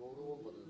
doğru olmadığını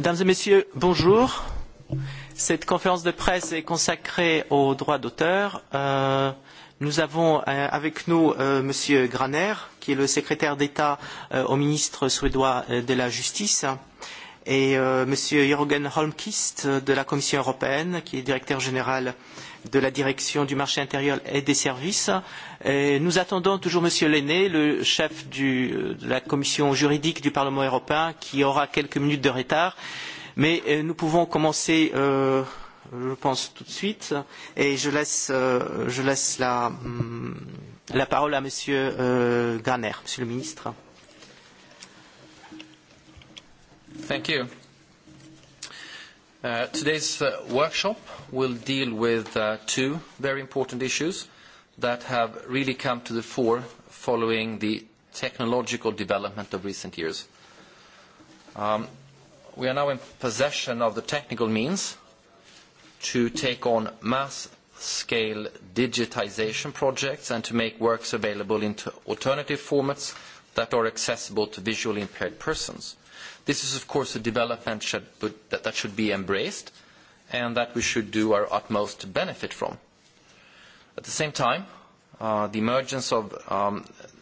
Mesdames et Messieurs, bonjour. Cette conférence de presse est consacrée aux droits d'auteur. Nous avons avec nous M. Graner, qui est le secrétaire d'État au ministre suédois de la Justice, et M. Jürgen Holmquist de la Commission européenne, qui est directeur général de la direction du marché intérieur et des services. Nous attendons toujours Monsieur Lenné, le chef de la commission juridique du Parlement européen, qui aura quelques minutes de retard, mais nous pouvons commencer, je pense, tout de suite, et je laisse la parole à Monsieur Garner, Monsieur le ministre. Thank you. Today's workshop will deal with two very important issues that have really come to the fore following the technological development of recent years. We are now in possession of the technical means to take on mass-scale digitization projects and to make works available into alternative formats that are accessible to visually impaired persons. This is, of course, a development that should be embraced and that we should do our utmost to benefit from. At the same time, the emergence of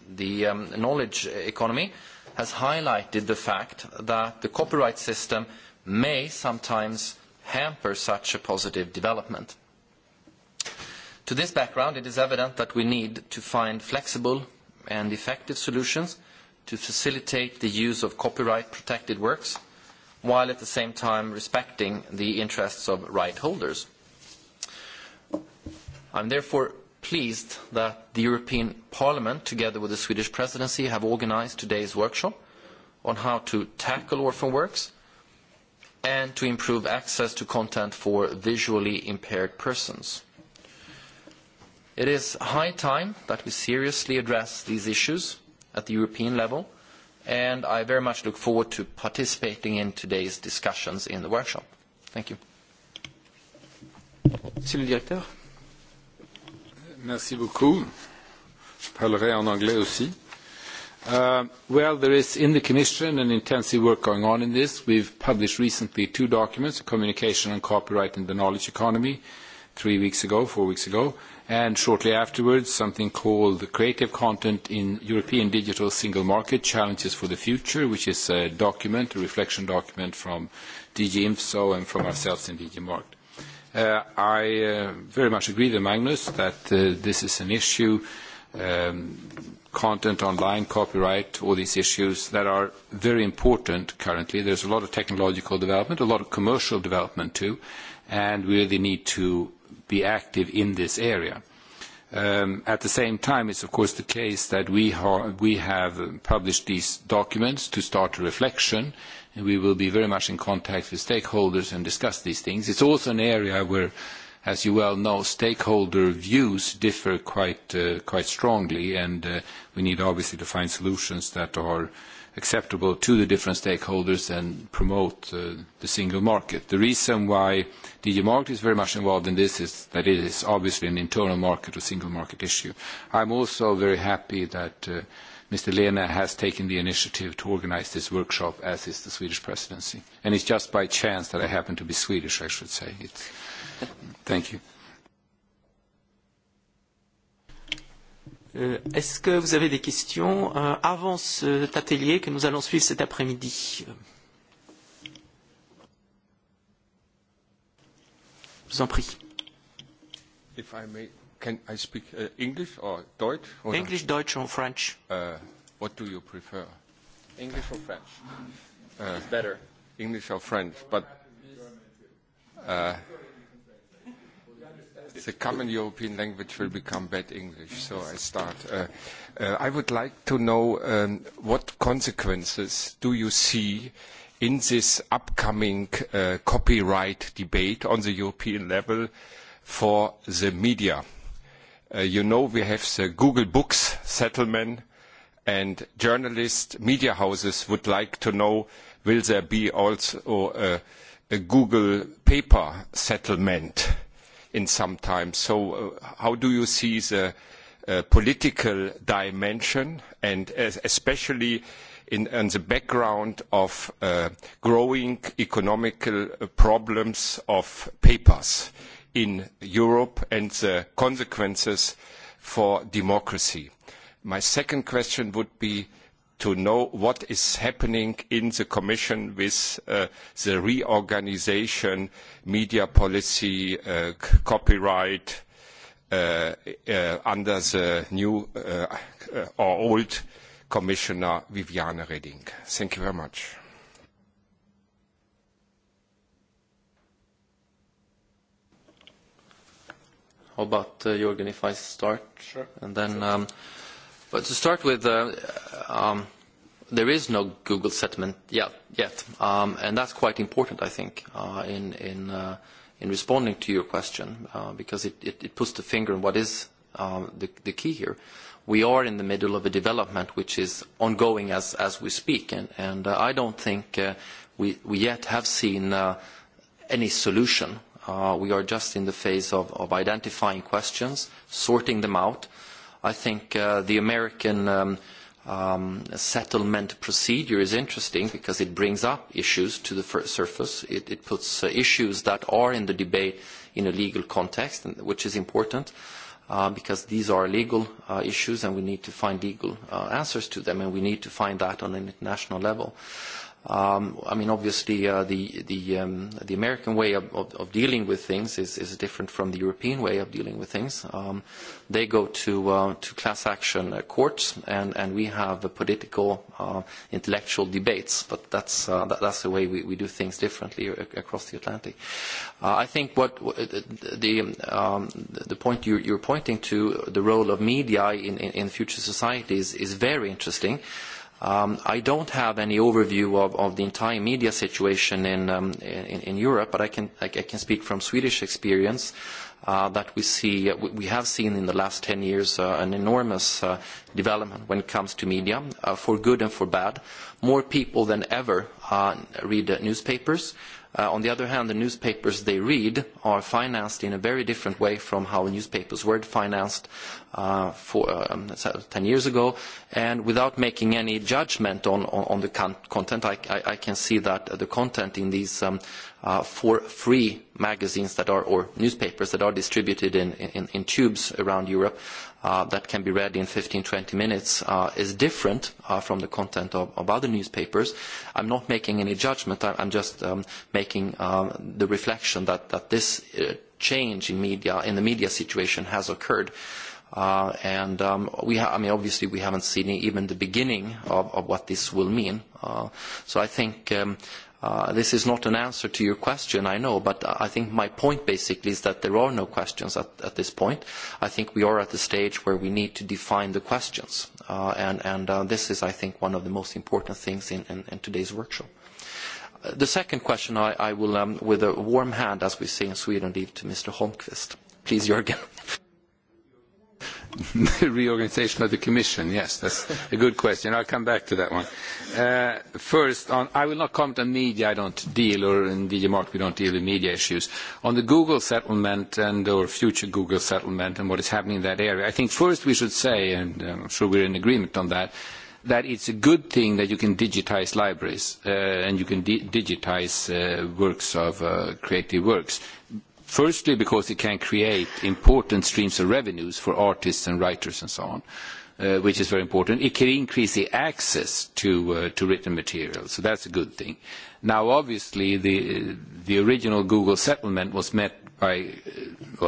the knowledge economy has highlighted the fact that the copyright system may sometimes hamper such a positive development. To this background, it is evident that we need to find flexible and effective solutions to facilitate the use of copyright-protected works, while at the same time respecting the interests of right holders. I am therefore pleased that the European Parliament, together with the Swedish Presidency, have organised today's workshop on how to tackle orphan works and to improve access to content for visually impaired persons. It is high time that we seriously address these issues at the European level, and I very much look forward to participating in today's discussions in the workshop. Thank you. Monsieur le Directeur. Merci beaucoup. Je parlerai en anglais aussi. Well, there is in the Commission an intensive work going on in this. We've published recently two documents, a communication on copyright in the knowledge economy, three weeks ago, four weeks ago, and shortly afterwards something called the Creative Content in European Digital Single Market Challenges for the Future, which is a document, a reflection document from DG IMSO and from ourselves in DG Markt. I very much agree with Magnus that this is an issue, content online, copyright, all these issues that are very important currently. There is a lot of technological development, a lot of commercial development too, and we really need to be active in this area. At the same time, it's of course the case that we have published these documents to start a reflection, and we will be very much in contact with stakeholders and discuss these things. It's also an area where, as you well know, stakeholder views differ quite strongly, and we need obviously to find solutions that are acceptable to the different stakeholders and promote the single market. The reason why DG Market is very much involved in this is that it is obviously an internal market or single market issue. I'm also very happy that Mr. Lehne has taken the initiative to organize this workshop, as is the Swedish presidency. And it's just by chance that I happen to be Swedish, I should say. Thank you. Est-ce que vous avez des questions avant cet atelier que nous allons suivre cet après-midi Je vous en prie. If I may, can I speak English or Deutsch? English, Deutsch or French? What do you prefer? English or French? It's better. English or French, but the common European language will become bad English. So I start. I would like to know what consequences do you see in this upcoming copyright debate on the European level for the media. You know we have the Google Books settlement and journalists, media houses would like to know will there be also a Google paper settlement in some time. So how do you see the political dimension, and especially in the background of growing economical problems of papers in Europe and the consequences for democracy? My second question would be to know what is happening in the Commission with the reorganisation, media policy, copyright under the new or old Commissioner Viviane Reding. Thank you very much. How about Jorgen if I start? And then But to start with, there is no Google settlement yet, and that's quite important, I think, in responding to your question, because it puts the finger on what is the key here. We are in the middle of a development which is ongoing as we speak, and I don't think we yet have seen any solution. We are just in the phase of identifying questions, sorting them out, I think the American settlement procedure is interesting because it brings up issues to the surface. It puts issues that are in the debate in a legal context, which is important because these are legal issues and we need to find legal answers to them and we need to find that on an international level. I mean, obviously, the American way of dealing with things is different from the European way of dealing with things. They go to class action courts, and we have political, intellectual debates, but that's the way we do things differently across the Atlantic. I think what the point you're pointing to, the role of media in future societies, is very interesting. I don't have any overview of the entire media situation in Europe, but I can speak from Swedish experience that we have seen in the last 10 years an enormous development when it comes to media, for good and for bad. More people than ever read newspapers. On the other hand, the newspapers they read are financed in a very different way from how newspapers were financed 10 years ago. And without making any judgment on the content, I can see that the content in these four free magazines that are or newspapers that are distributed in tubes around Europe that can be read in 15-20 minutes is different from the content of other newspapers. I'm not making any judgment. I'm just making the reflection that this change in media, in the media situation, has occurred. And we, I mean, obviously we haven't seen even the beginning of what this will mean. So I think This is not an answer to your question, I know, but I think my point basically is that there are no questions at this point. I think we are at the stage where we need to define the questions, and this is, I think, one of the most important things in today's workshop. The second question I will, with a warm hand, as we say in Sweden, leave to Mr. Holmqvist. Please, Jürgen. Reorganisation of the Commission, yes, that's a good question. I'll come back to that one. First, I will not comment on media. I don't deal, or in DG Mark we don't deal with media issues. On the Google settlement and or future Google settlement and what is happening in that area, I think first we should say, and I'm sure we're in agreement on that, that it's a good thing that you can digitize libraries and you can digitize works of creative works Firstly, because it can create important streams of revenues for artists and writers and so on, which is very important. It can increase the access to to written material, so that's a good thing. Now, obviously, the the original Google settlement was met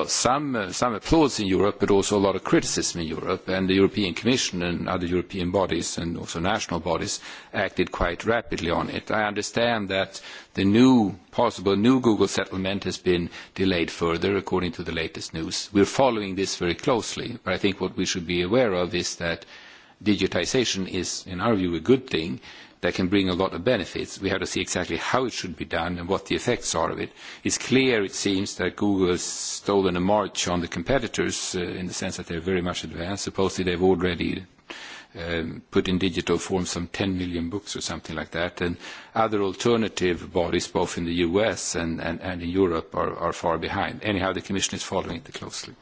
some applause in Europe, but also a lot of criticism in Europe, and the European Commission and other European bodies and also national bodies acted quite rapidly on it. I understand that the new possible new Google settlement has been delayed further, according to the latest news. We are following this very closely, but I think what we should be aware of is that digitisation is, in our view, a good thing that can bring a lot of benefits. We have to see exactly how it should be done and what the effects are of it. It's clear, it seems, that Google has stolen a march on the competitors in the sense that they're very much advanced. Supposedly they've already put in digital form some 10 million books or something like that. And other alternative bodies, both in the U.S. and in Europe, are far behind. Anyhow, the Commission is following it closely.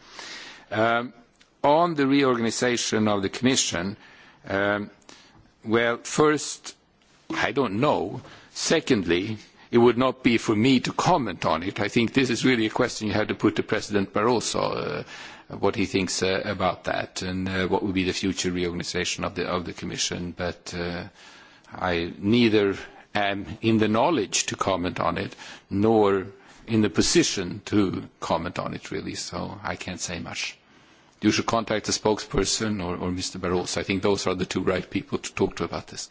On the reorganization of the Commission, well, first, I don't know. Secondly, it would not be for me to comment on it. I think this is really a question you have to put to President Barroso, what he thinks about that and what would be the future reorganisation of the Commission. But I neither am in the knowledge to comment on it, nor in the position to comment on it, really. So I can't say much. You should contact the spokesperson or Mr. Barroso. I think those are the two right people to talk to about this.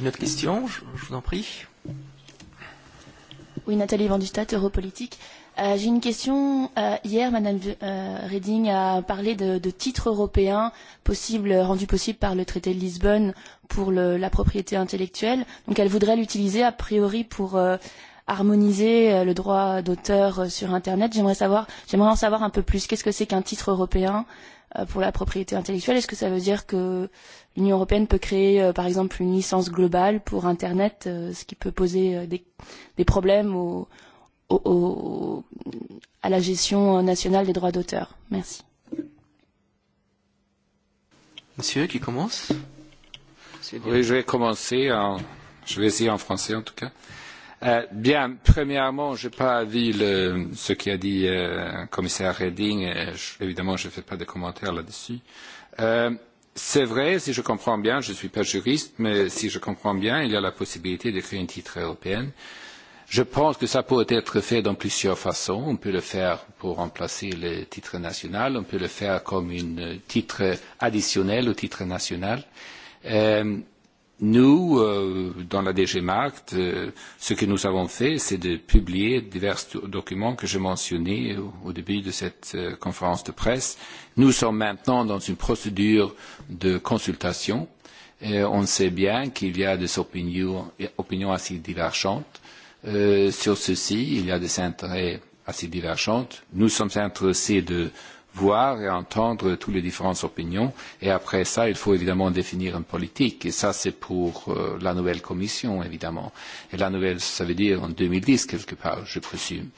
Une autre question, je vous en prie. Oui, Nathalie Vandustat, Europolitique. J'ai une question. Hier, Madame Reding a parlé de titres européens rendus possibles par le traité de Lisbonne pour la propriété intellectuelle. Donc elle voudrait l'utiliser a priori pour harmoniser le droit d'auteur sur Internet. J'aimerais en savoir un peu plus. Qu'est-ce que c'est qu'un titre européen pour la propriété intellectuelle Est-ce que ça veut dire que l'Union européenne peut créer, par exemple, une licence globale pour Internet, ce qui peut poser des problèmes à la gestion nationale des droits d'auteur Merci. Monsieur, qui commence Oui, je vais commencer. Je vais essayer en français, en tout cas. Bien, premièrement, je n'ai pas avis ce qu'a dit le commissaire Reding. Évidemment, je ne fais pas de commentaires là-dessus. C'est vrai, si je comprends bien, je ne suis pas juriste, mais si je comprends bien, il y a la possibilité de créer un titre européen. Je pense que ça peut être fait dans plusieurs façons. On peut le faire pour remplacer le titre national, on peut le faire comme un titre additionnel au titre national. Nous, dans la DG Markt, ce que nous avons fait, c'est de publier divers documents que j'ai mentionnés au début de cette conférence de presse. Nous sommes maintenant dans une procédure de consultation. et On sait bien qu'il y a des opinions opinions assez divergentes. Sur ceci, il y a des intérêts assez divergentes. Nous sommes intéressés de voir et entendre toutes les différentes opinions. Et après ça, il faut évidemment définir une politique. Et ça, c'est pour la nouvelle commission, évidemment. Et la nouvelle, ça veut dire en 2010, quelque part, je présume.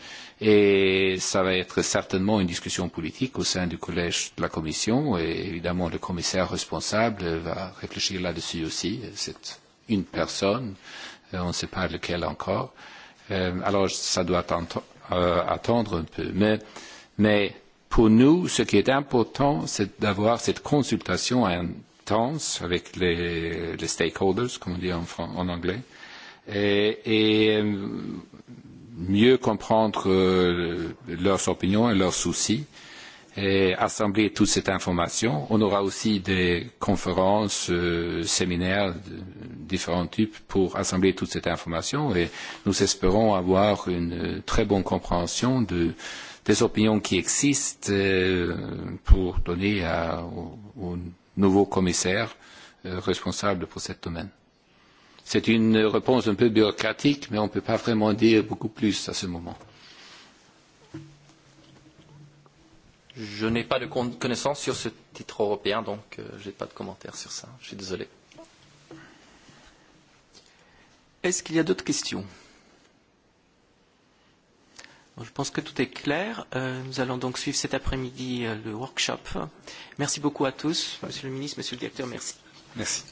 Et ça va être certainement une discussion politique au sein du collège de la commission. Et évidemment, le commissaire responsable va réfléchir là-dessus aussi. C'est une personne. On ne sait pas lequel encore. Alors, ça doit attendre un peu. Mais Pour nous, ce qui est important, c'est d'avoir cette consultation intense avec les stakeholders, comme on dit en anglais, et mieux comprendre leurs opinions et leurs soucis, et assembler toute cette information. On aura aussi des conférences, séminaires de différents types pour assembler toute cette information, et nous espérons avoir une très bonne compréhension de des opinions qui existent pour donner au nouveau commissaire responsable pour ce domaine. C'est une réponse un peu bureaucratique, mais on ne peut pas vraiment dire beaucoup plus à ce moment. Je n'ai pas de connaissance sur ce titre européen, donc je n'ai pas de commentaire sur ça. Je suis désolé. Est-ce qu'il y a d'autres questions Je pense que tout est clair. Nous allons donc suivre cet après-midi le workshop. Merci beaucoup à tous. Monsieur le ministre, monsieur le directeur, merci. Merci.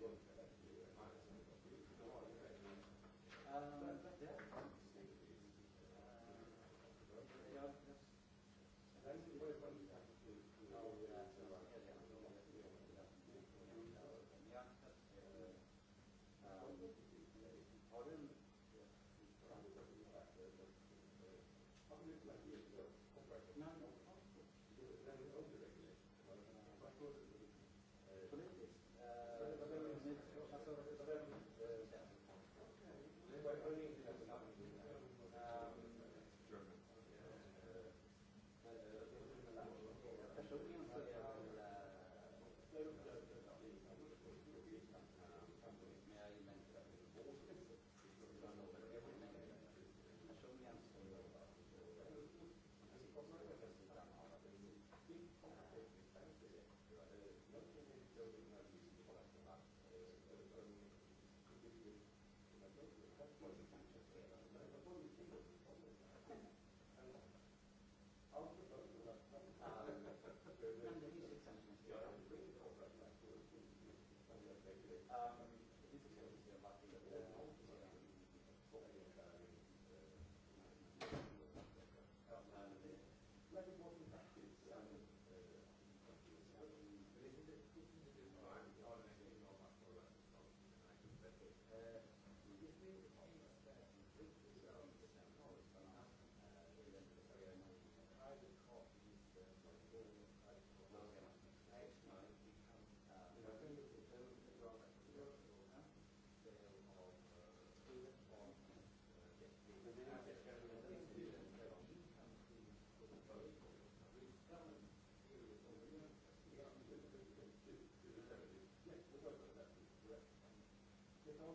Υπότιτλοι Ευχαριστώ.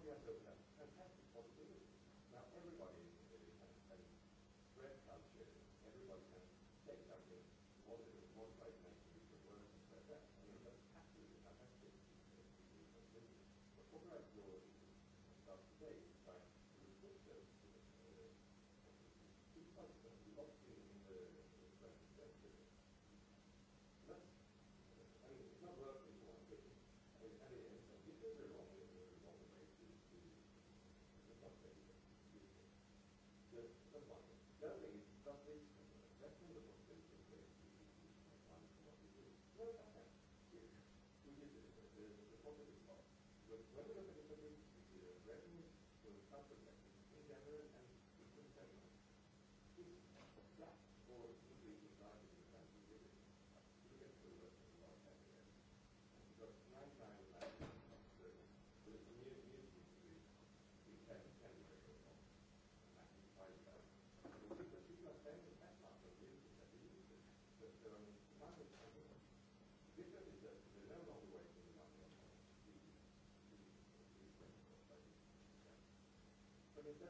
Fantastic. Now, everybody in a red το φάκελο Γιατί δεν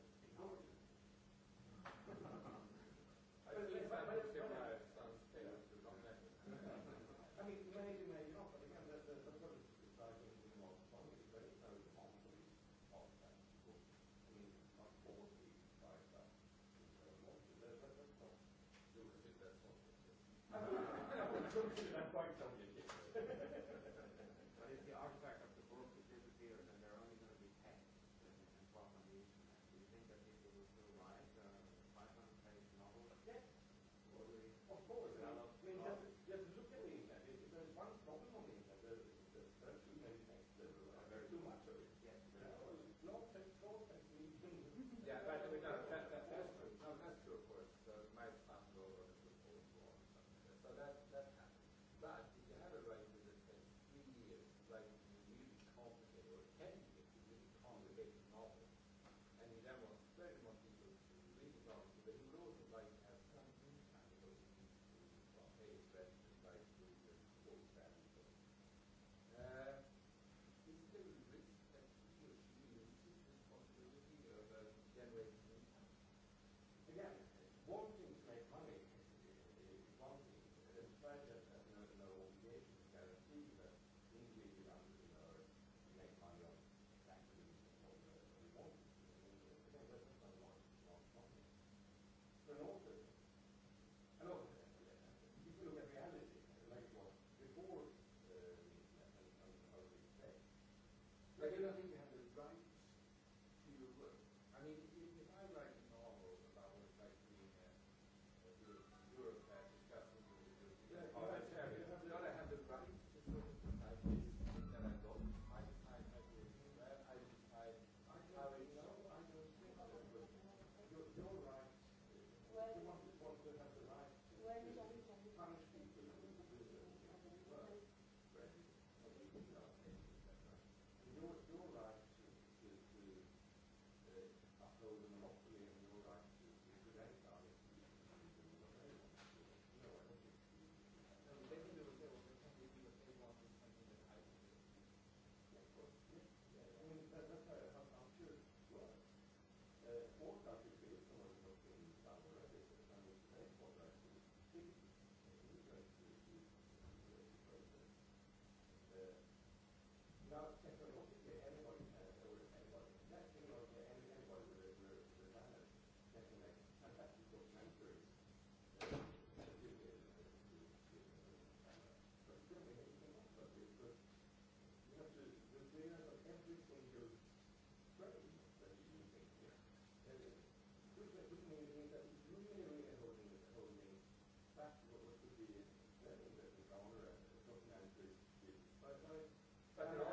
Υπότιτλοι AUTHORWAVE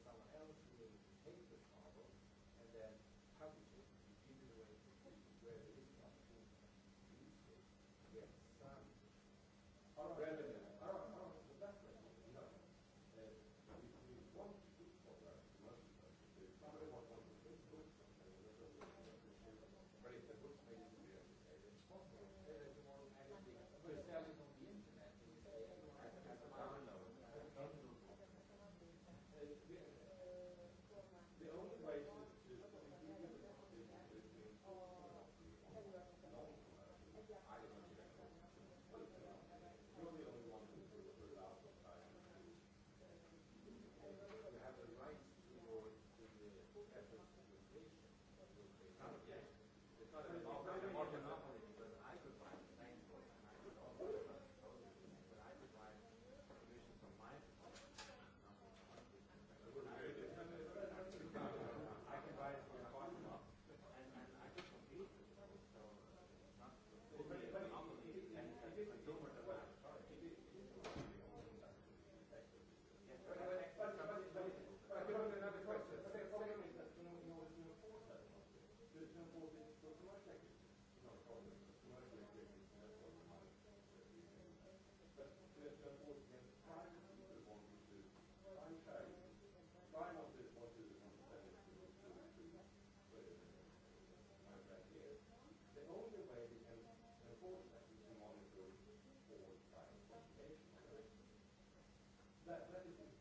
Someone else. that, that is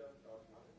Ευχαριστώ.